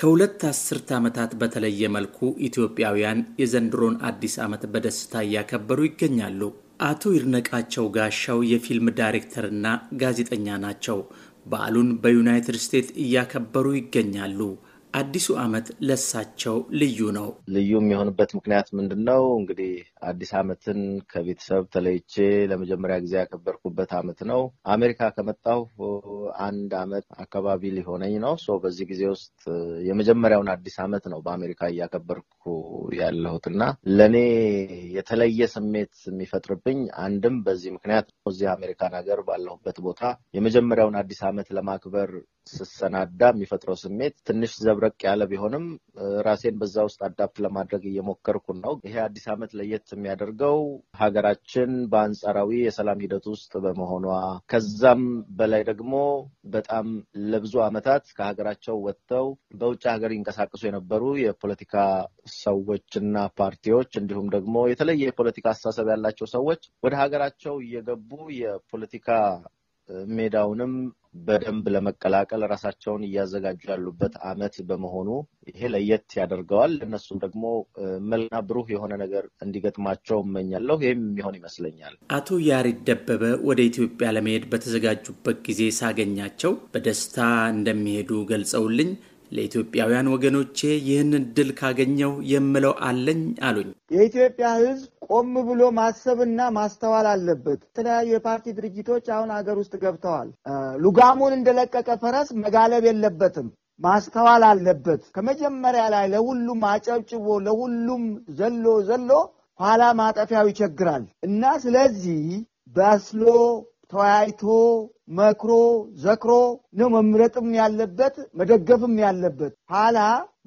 ከሁለት አስርት ዓመታት በተለየ መልኩ ኢትዮጵያውያን የዘንድሮን አዲስ ዓመት በደስታ እያከበሩ ይገኛሉ። አቶ ይድነቃቸው ጋሻው የፊልም ዳይሬክተርና ጋዜጠኛ ናቸው። በዓሉን በዩናይትድ ስቴትስ እያከበሩ ይገኛሉ። አዲሱ ዓመት ለሳቸው ልዩ ነው። ልዩ የሚሆንበት ምክንያት ምንድን ነው? እንግዲህ አዲስ ዓመትን ከቤተሰብ ተለይቼ ለመጀመሪያ ጊዜ ያከበርኩበት ዓመት ነው። አሜሪካ ከመጣሁ አንድ አመት አካባቢ ሊሆነኝ ነው። በዚህ ጊዜ ውስጥ የመጀመሪያውን አዲስ አመት ነው በአሜሪካ እያከበርኩ ያለሁት እና ለእኔ የተለየ ስሜት የሚፈጥርብኝ አንድም በዚህ ምክንያት እዚህ አሜሪካን ሀገር ባለሁበት ቦታ የመጀመሪያውን አዲስ አመት ለማክበር ስሰናዳ የሚፈጥረው ስሜት ትንሽ ዘብረቅ ያለ ቢሆንም ራሴን በዛ ውስጥ አዳፕት ለማድረግ እየሞከርኩ ነው። ይሄ አዲስ ዓመት ለየት የሚያደርገው ሀገራችን በአንጻራዊ የሰላም ሂደት ውስጥ በመሆኗ ከዛም በላይ ደግሞ በጣም ለብዙ ዓመታት ከሀገራቸው ወጥተው በውጭ ሀገር ይንቀሳቀሱ የነበሩ የፖለቲካ ሰዎችና ፓርቲዎች እንዲሁም ደግሞ የተለየ የፖለቲካ አስተሳሰብ ያላቸው ሰዎች ወደ ሀገራቸው እየገቡ የፖለቲካ ሜዳውንም በደንብ ለመቀላቀል ራሳቸውን እያዘጋጁ ያሉበት አመት በመሆኑ ይሄ ለየት ያደርገዋል። እነሱም ደግሞ መልና ብሩህ የሆነ ነገር እንዲገጥማቸው እመኛለሁ። ይህም የሚሆን ይመስለኛል። አቶ ያሬድ ደበበ ወደ ኢትዮጵያ ለመሄድ በተዘጋጁበት ጊዜ ሳገኛቸው በደስታ እንደሚሄዱ ገልጸውልኝ ለኢትዮጵያውያን ወገኖቼ ይህን እድል ካገኘው የምለው አለኝ አሉኝ። የኢትዮጵያ ሕዝብ ቆም ብሎ ማሰብና ማስተዋል አለበት። የተለያዩ የፓርቲ ድርጅቶች አሁን አገር ውስጥ ገብተዋል። ሉጋሙን እንደለቀቀ ፈረስ መጋለብ የለበትም። ማስተዋል አለበት። ከመጀመሪያ ላይ ለሁሉም አጨብጭቦ ለሁሉም ዘሎ ዘሎ ኋላ ማጠፊያው ይቸግራል እና ስለዚህ በስሎ ተወያይቶ መክሮ ዘክሮ ነው መምረጥም ያለበት መደገፍም ያለበት ኋላ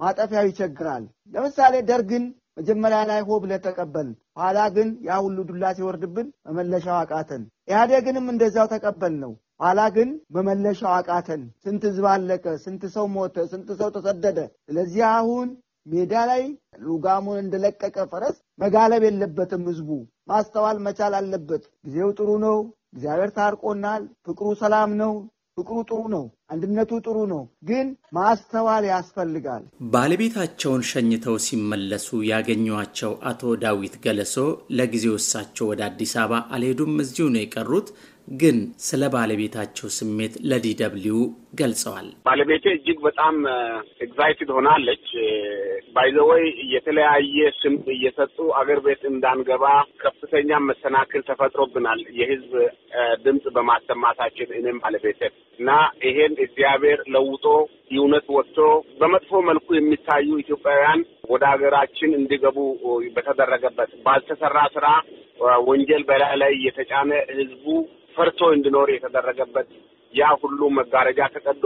ማጠፊያው ይቸግራል። ለምሳሌ ደርግን መጀመሪያ ላይ ሆ ብለ ተቀበል ኋላ ግን ያ ሁሉ ዱላ ሲወርድብን መመለሻው አቃተን። ኢህአዴግንም እንደዚያው ተቀበል ነው። ኋላ ግን መመለሻው አቃተን። ስንት ህዝብ አለቀ፣ ስንት ሰው ሞተ፣ ስንት ሰው ተሰደደ። ስለዚህ አሁን ሜዳ ላይ ሉጋሙን እንደለቀቀ ፈረስ መጋለብ የለበትም። ህዝቡ ማስተዋል መቻል አለበት። ጊዜው ጥሩ ነው። እግዚአብሔር ታርቆናል። ፍቅሩ ሰላም ነው። ፍቅሩ ጥሩ ነው። አንድነቱ ጥሩ ነው፣ ግን ማስተዋል ያስፈልጋል። ባለቤታቸውን ሸኝተው ሲመለሱ ያገኟቸው አቶ ዳዊት ገለሶ ለጊዜው እሳቸው ወደ አዲስ አበባ አልሄዱም፣ እዚሁ ነው የቀሩት። ግን ስለ ባለቤታቸው ስሜት ለዲደብልዩ ገልጸዋል። ባለቤቴ እጅግ በጣም ኤግዛይትድ ሆናለች። ባይዘወይ የተለያየ ስም እየሰጡ አገር ቤት እንዳንገባ ከፍተኛ መሰናክል ተፈጥሮብናል፣ የህዝብ ድምፅ በማሰማታችን እኔም ባለቤቴ እና ይሄን እግዚአብሔር ለውጦ ይውነት ወጥቶ በመጥፎ መልኩ የሚታዩ ኢትዮጵያውያን ወደ ሀገራችን እንዲገቡ በተደረገበት ባልተሰራ ስራ ወንጀል በላይ ላይ የተጫነ ህዝቡ ፈርቶ እንዲኖር የተደረገበት ያ ሁሉ መጋረጃ ተቀዶ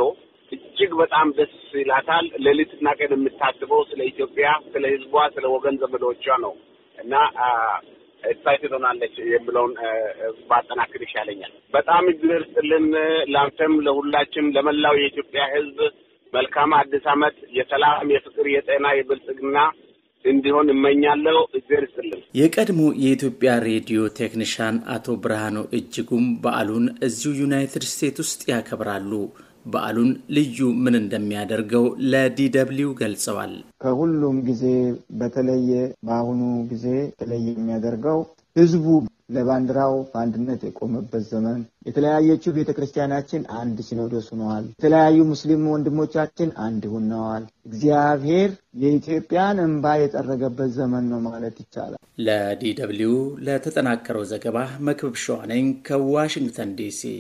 እጅግ በጣም ደስ ይላታል። ሌሊትና ቀን የምታስበው ስለ ኢትዮጵያ፣ ስለ ህዝቧ፣ ስለ ወገን ዘመዶቿ ነው እና ኤክሳይትድ ሆናለች የምለውን ባጠናክር ይሻለኛል። በጣም እግዜር ስጥልን። ለአንተም፣ ለሁላችም፣ ለመላው የኢትዮጵያ ሕዝብ መልካም አዲስ ዓመት የሰላም፣ የፍቅር፣ የጤና፣ የብልጽግና እንዲሆን እመኛለሁ። እግዜር ስጥልን። የቀድሞ የኢትዮጵያ ሬዲዮ ቴክኒሻን አቶ ብርሃኑ እጅጉም በዓሉን እዚሁ ዩናይትድ ስቴትስ ውስጥ ያከብራሉ። በዓሉን ልዩ ምን እንደሚያደርገው ለዲደብሊው ገልጸዋል። ከሁሉም ጊዜ በተለየ በአሁኑ ጊዜ የተለየ የሚያደርገው ህዝቡ ለባንዲራው በአንድነት የቆመበት ዘመን የተለያየችው ቤተ ክርስቲያናችን አንድ ሲኖዶስ ሆነዋል። የተለያዩ ሙስሊም ወንድሞቻችን አንድ ሆነዋል። እግዚአብሔር የኢትዮጵያን እንባ የጠረገበት ዘመን ነው ማለት ይቻላል። ለዲደብሊው ለተጠናከረው ዘገባ መክብብ ሸዋነኝ ከዋሽንግተን ዲሲ